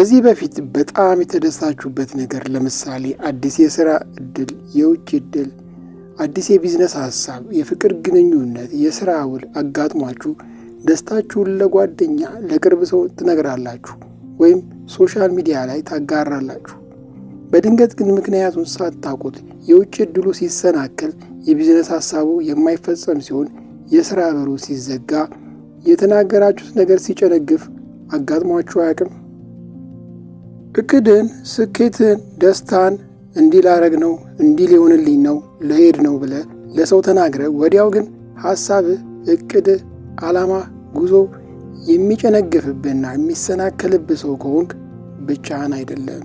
ከዚህ በፊት በጣም የተደሳችሁበት ነገር ለምሳሌ አዲስ የስራ እድል፣ የውጭ እድል፣ አዲስ የቢዝነስ ሀሳብ፣ የፍቅር ግንኙነት፣ የስራ ውል አጋጥሟችሁ ደስታችሁን ለጓደኛ ለቅርብ ሰው ትነግራላችሁ ወይም ሶሻል ሚዲያ ላይ ታጋራላችሁ። በድንገት ግን ምክንያቱን ሳታውቁት የውጭ እድሉ ሲሰናከል፣ የቢዝነስ ሀሳቡ የማይፈጸም ሲሆን፣ የስራ በሩ ሲዘጋ፣ የተናገራችሁት ነገር ሲጨነግፍ አጋጥሟችሁ አያውቅም? እቅድን፣ ስኬትን፣ ደስታን እንዲህ ላረግ ነው እንዲህ ሊሆንልኝ ነው ልሄድ ነው ብለ ለሰው ተናግረ ወዲያው ግን ሐሳብህ፣ እቅድህ፣ ዓላማ፣ ጉዞ የሚጨነግፍብህና የሚሰናከልብህ ሰው ከሆንክ ብቻህን አይደለም።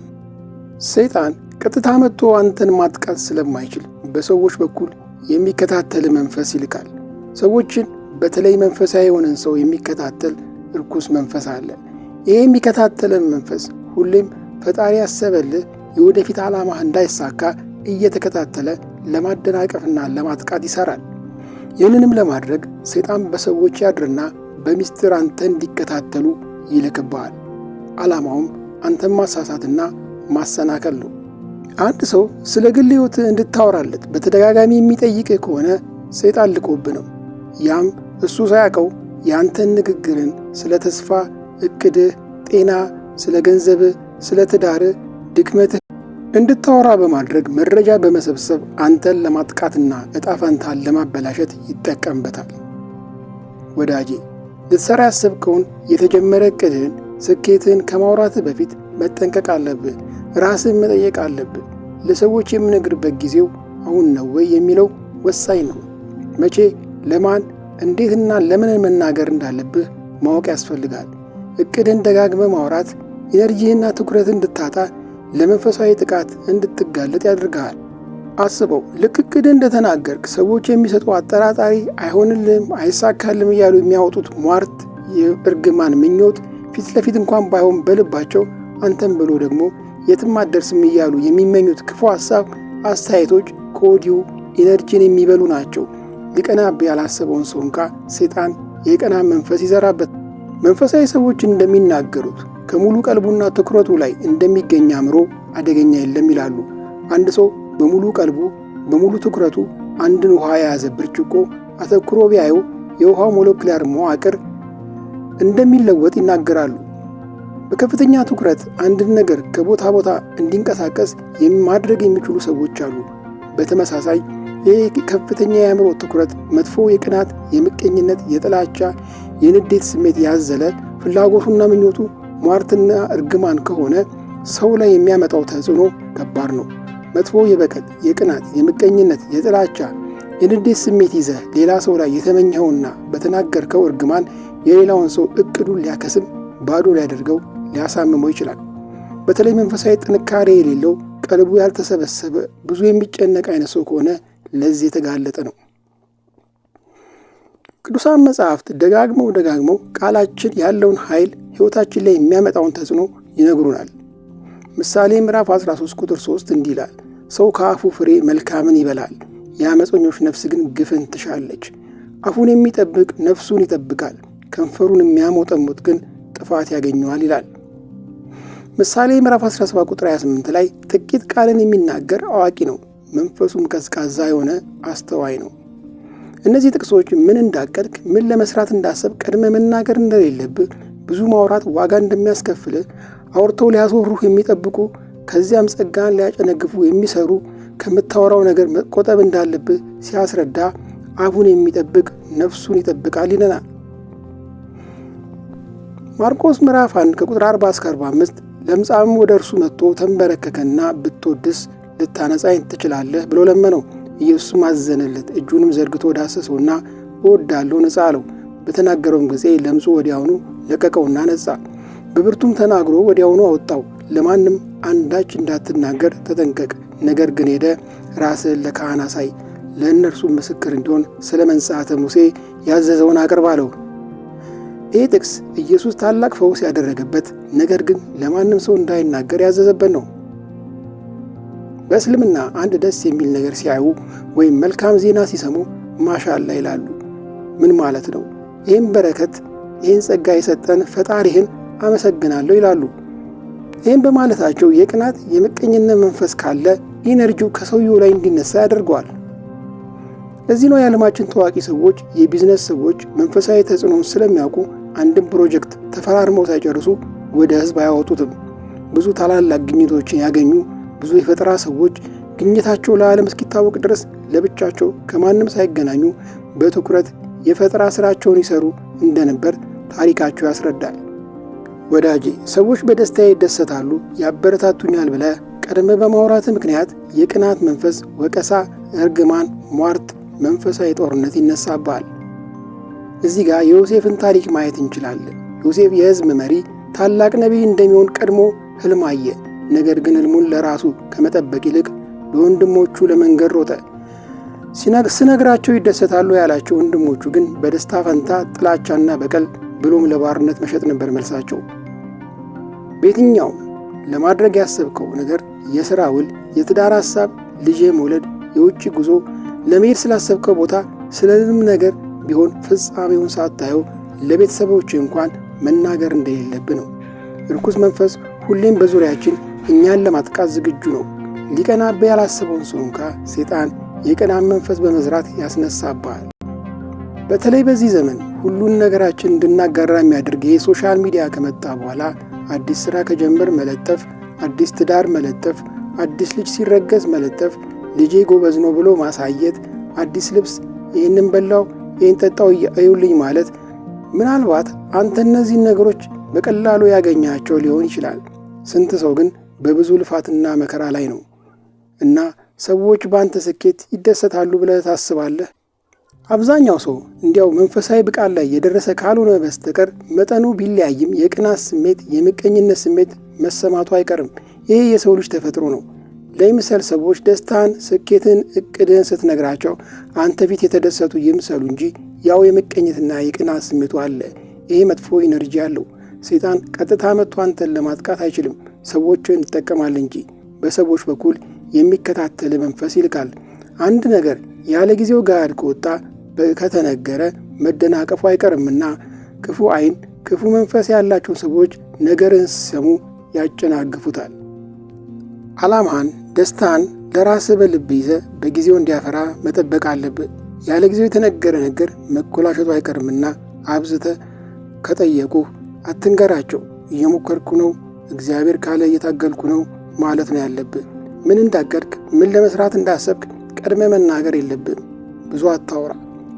ሰይጣን ቀጥታ መጥቶ አንተን ማጥቃት ስለማይችል በሰዎች በኩል የሚከታተል መንፈስ ይልካል። ሰዎችን በተለይ መንፈሳዊ የሆነን ሰው የሚከታተል እርኩስ መንፈስ አለ። ይሄ የሚከታተለን መንፈስ ሁሌም ፈጣሪ ያሰበልህ የወደፊት ዓላማህ እንዳይሳካ እየተከታተለ ለማደናቀፍና ለማጥቃት ይሠራል። ይህንንም ለማድረግ ሰይጣን በሰዎች ያድርና በሚስጢር አንተ እንዲከታተሉ ይልክብሃል። ዓላማውም አንተን ማሳሳትና ማሰናከል ነው። አንድ ሰው ስለ ግል ሕይወት እንድታወራለት በተደጋጋሚ የሚጠይቅህ ከሆነ ሰይጣን ልቆብ ነው። ያም እሱ ሳያውቀው የአንተን ንግግርን ስለ ተስፋ፣ እቅድህ፣ ጤና፣ ስለ ገንዘብህ፣ ስለ ትዳር ድክመትህ እንድታወራ በማድረግ መረጃ በመሰብሰብ አንተን ለማጥቃትና እጣፋንታን ለማበላሸት ይጠቀምበታል። ወዳጄ ልትሰራ ያሰብከውን የተጀመረ እቅድህን፣ ስኬትህን ከማውራትህ በፊት መጠንቀቅ አለብህ። ራስህን መጠየቅ አለብህ። ለሰዎች የምነግርበት ጊዜው አሁን ነው ወይ የሚለው ወሳኝ ነው። መቼ፣ ለማን፣ እንዴትና ለምን መናገር እንዳለብህ ማወቅ ያስፈልጋል። እቅድን ደጋግመ ማውራት ኢነርጂህና ትኩረት እንድታጣ ለመንፈሳዊ ጥቃት እንድትጋለጥ ያደርግሃል። አስበው፣ ልክ እቅድ እንደተናገርክ ሰዎች የሚሰጡ አጠራጣሪ፣ አይሆንልም፣ አይሳካልም እያሉ የሚያወጡት ሟርት፣ የእርግማን ምኞት ፊት ለፊት እንኳን ባይሆን በልባቸው አንተን ብሎ ደግሞ የትም አደርስም እያሉ የሚመኙት ክፉ ሐሳብ፣ አስተያየቶች ከወዲሁ ኢነርጂን የሚበሉ ናቸው። ሊቀናብ ያላሰበውን ሰው እንኳ ሴጣን የቀና መንፈስ ይዘራበት። መንፈሳዊ ሰዎች እንደሚናገሩት ከሙሉ ቀልቡና ትኩረቱ ላይ እንደሚገኝ አእምሮ አደገኛ የለም ይላሉ። አንድ ሰው በሙሉ ቀልቡ በሙሉ ትኩረቱ አንድን ውሃ የያዘ ብርጭቆ አተኩሮ ቢያየው የውሃው ሞለኪውላር መዋቅር እንደሚለወጥ ይናገራሉ። በከፍተኛ ትኩረት አንድን ነገር ከቦታ ቦታ እንዲንቀሳቀስ ማድረግ የሚችሉ ሰዎች አሉ። በተመሳሳይ ይህ ከፍተኛ የአእምሮ ትኩረት መጥፎ የቅናት፣ የምቀኝነት፣ የጥላቻ፣ የንዴት ስሜት ያዘለ ፍላጎቱና ምኞቱ ሟርትና እርግማን ከሆነ ሰው ላይ የሚያመጣው ተጽዕኖ ከባድ ነው። መጥፎ የበቀል፣ የቅናት፣ የምቀኝነት፣ የጥላቻ፣ የንዴት ስሜት ይዘህ ሌላ ሰው ላይ የተመኘኸውና በተናገርከው እርግማን የሌላውን ሰው እቅዱን ሊያከስም፣ ባዶ ሊያደርገው፣ ሊያሳምመው ይችላል። በተለይ መንፈሳዊ ጥንካሬ የሌለው ቀልቡ ያልተሰበሰበ ብዙ የሚጨነቅ አይነት ሰው ከሆነ ለዚህ የተጋለጠ ነው። ቅዱሳን መጻሕፍት ደጋግመው ደጋግመው ቃላችን ያለውን ኃይል ሕይወታችን ላይ የሚያመጣውን ተጽዕኖ ይነግሩናል። ምሳሌ ምዕራፍ 13 ቁጥር 3 እንዲህ ይላል፣ ሰው ከአፉ ፍሬ መልካምን ይበላል፣ የአመፀኞች ነፍስ ግን ግፍን ትሻለች። አፉን የሚጠብቅ ነፍሱን ይጠብቃል፣ ከንፈሩን የሚያሞጠሙት ግን ጥፋት ያገኘዋል ይላል። ምሳሌ ምዕራፍ 17 ቁጥር 28 ላይ ጥቂት ቃልን የሚናገር አዋቂ ነው፣ መንፈሱም ቀዝቃዛ የሆነ አስተዋይ ነው። እነዚህ ጥቅሶች ምን እንዳቀድክ፣ ምን ለመስራት እንዳሰብ ቀድመ መናገር እንደሌለብህ ብዙ ማውራት ዋጋ እንደሚያስከፍል አውርተው ሊያስወሩህ የሚጠብቁ ከዚያም ጸጋን ሊያጨነግፉ የሚሰሩ ከምታወራው ነገር መቆጠብ እንዳለብህ ሲያስረዳ አፉን የሚጠብቅ ነፍሱን ይጠብቃል ይለናል። ማርቆስ ምዕራፍ 1 ከቁጥር 40 እስከ 45 ለምጻሙ ወደ እርሱ መጥቶ ተንበረከከና ብትወድስ ልታነጻኝ ትችላለህ ብሎ ለመነው። ኢየሱስም አዘነለት። እጁንም ዘርግቶ ዳሰሰውና እወዳለሁ ነፃ አለው። በተናገረውም ጊዜ ለምጹ ወዲያውኑ ለቀቀውና ነጻ። በብርቱም ተናግሮ ወዲያውኑ አወጣው። ለማንም አንዳች እንዳትናገር ተጠንቀቅ፣ ነገር ግን ሄደ ራስህን ለካህን አሳይ፣ ለእነርሱ ምስክር እንዲሆን ስለ መንጻተ ሙሴ ያዘዘውን አቅርብ አለው። ይህ ጥቅስ ኢየሱስ ታላቅ ፈውስ ያደረገበት ነገር ግን ለማንም ሰው እንዳይናገር ያዘዘበት ነው። በእስልምና አንድ ደስ የሚል ነገር ሲያዩ ወይም መልካም ዜና ሲሰሙ ማሻላ ይላሉ። ምን ማለት ነው? ይህም በረከት ይህን ጸጋ የሰጠን ፈጣሪህን አመሰግናለሁ ይላሉ። ይህም በማለታቸው የቅናት የምቀኝነት መንፈስ ካለ ኢነርጂው ከሰውየው ላይ እንዲነሳ ያደርገዋል። ለዚህ ነው የዓለማችን ታዋቂ ሰዎች፣ የቢዝነስ ሰዎች መንፈሳዊ ተጽዕኖን ስለሚያውቁ አንድም ፕሮጀክት ተፈራርመው ሳይጨርሱ ወደ ህዝብ አያወጡትም። ብዙ ታላላቅ ግኝቶችን ያገኙ ብዙ የፈጠራ ሰዎች ግኝታቸው ለዓለም እስኪታወቅ ድረስ ለብቻቸው ከማንም ሳይገናኙ በትኩረት የፈጠራ ስራቸውን ይሰሩ እንደነበር ታሪካቸው ያስረዳል። ወዳጄ ሰዎች በደስታ ይደሰታሉ፣ ያበረታቱኛል ብለህ ቀደም በማውራት ምክንያት የቅናት መንፈስ፣ ወቀሳ፣ እርግማን፣ ሟርት፣ መንፈሳዊ ጦርነት ይነሳብሃል። እዚህ ጋር የዮሴፍን ታሪክ ማየት እንችላለን። ዮሴፍ የሕዝብ መሪ ታላቅ ነቢይ እንደሚሆን ቀድሞ ሕልም አየ። ነገር ግን ሕልሙን ለራሱ ከመጠበቅ ይልቅ ለወንድሞቹ ለመንገድ ሮጠ። ስነግራቸው ይደሰታሉ ያላቸው ወንድሞቹ ግን በደስታ ፈንታ ጥላቻና በቀል ብሎም ለባርነት መሸጥ ነበር መልሳቸው። በየትኛውም ለማድረግ ያሰብከው ነገር የሥራ ውል፣ የትዳር ሐሳብ፣ ልጅ መውለድ፣ የውጭ ጉዞ፣ ለመሄድ ስላሰብከው ቦታ፣ ስለልም ነገር ቢሆን ፍጻሜውን ሳታየው ለቤተሰቦች እንኳን መናገር እንደሌለብ ነው። ርኩስ መንፈስ ሁሌም በዙሪያችን እኛን ለማጥቃት ዝግጁ ነው። ሊቀናብህ ያላሰበውን ሰው እንኳ ሴጣን የቀናን መንፈስ በመዝራት ያስነሳብሃል። በተለይ በዚህ ዘመን ሁሉን ነገራችን እንድናጋራ የሚያደርግ ይህ ሶሻል ሚዲያ ከመጣ በኋላ አዲስ ስራ ከጀምር መለጠፍ፣ አዲስ ትዳር መለጠፍ፣ አዲስ ልጅ ሲረገዝ መለጠፍ፣ ልጄ ጎበዝ ነው ብሎ ማሳየት፣ አዲስ ልብስ፣ ይህንን በላው፣ ይህን ጠጣው እዩልኝ ማለት ምናልባት አንተ እነዚህን ነገሮች በቀላሉ ያገኛቸው ሊሆን ይችላል። ስንት ሰው ግን በብዙ ልፋትና መከራ ላይ ነው እና ሰዎች በአንተ ስኬት ይደሰታሉ ብለህ ታስባለህ? አብዛኛው ሰው እንዲያው መንፈሳዊ ብቃት ላይ የደረሰ ካልሆነ በስተቀር መጠኑ ቢለያይም የቅናት ስሜት፣ የምቀኝነት ስሜት መሰማቱ አይቀርም። ይህ የሰው ልጅ ተፈጥሮ ነው። ለይምሰል ሰዎች ደስታን፣ ስኬትን፣ እቅድን ስትነግራቸው አንተ ፊት የተደሰቱ ይምሰሉ እንጂ ያው የምቀኝትና የቅናት ስሜቱ አለ። ይሄ መጥፎ ኢነርጂ አለው። ሰይጣን ቀጥታ መጥቶ አንተን ለማጥቃት አይችልም፣ ሰዎችን ይጠቀማል እንጂ በሰዎች በኩል የሚከታተል መንፈስ ይልካል። አንድ ነገር ያለ ጊዜው ጋር ከወጣ ከተነገረ መደናቀፉ አይቀርምና ክፉ ዓይን ክፉ መንፈስ ያላቸው ሰዎች ነገርን ሲሰሙ ያጨናግፉታል። ዓላማን፣ ደስታን ለራስህ በልብ ይዘ በጊዜው እንዲያፈራ መጠበቅ አለብህ። ያለ ጊዜው የተነገረ ነገር መኮላሸቱ አይቀርምና አብዝተ ከጠየቁ አትንገራቸው። እየሞከርኩ ነው፣ እግዚአብሔር ካለ እየታገልኩ ነው ማለት ነው ያለብህ። ምን እንዳቀድክ ምን ለመስራት እንዳሰብክ ቀድመ መናገር የለብህም። ብዙ አታውራ።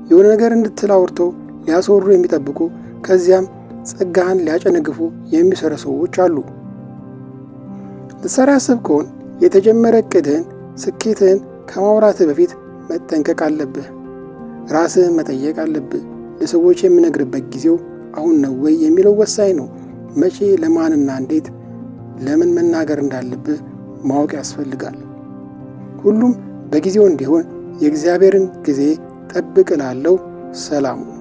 የሆነ ነገር እንድትል አውርተው ሊያስወሩ የሚጠብቁ ከዚያም ጸጋህን ሊያጨነግፉ የሚሰሩ ሰዎች አሉ። ልትሰራ ያሰብከውን የተጀመረ እቅድህን፣ ስኬትህን ከማውራትህ በፊት መጠንቀቅ አለብህ። ራስህን መጠየቅ አለብህ። ለሰዎች የምነግርበት ጊዜው አሁን ነው ወይ የሚለው ወሳኝ ነው። መቼ፣ ለማንና እንዴት ለምን መናገር እንዳለብህ ማወቅ ያስፈልጋል። ሁሉም በጊዜው እንዲሆን የእግዚአብሔርን ጊዜ ጠብቅ ላለው ሰላም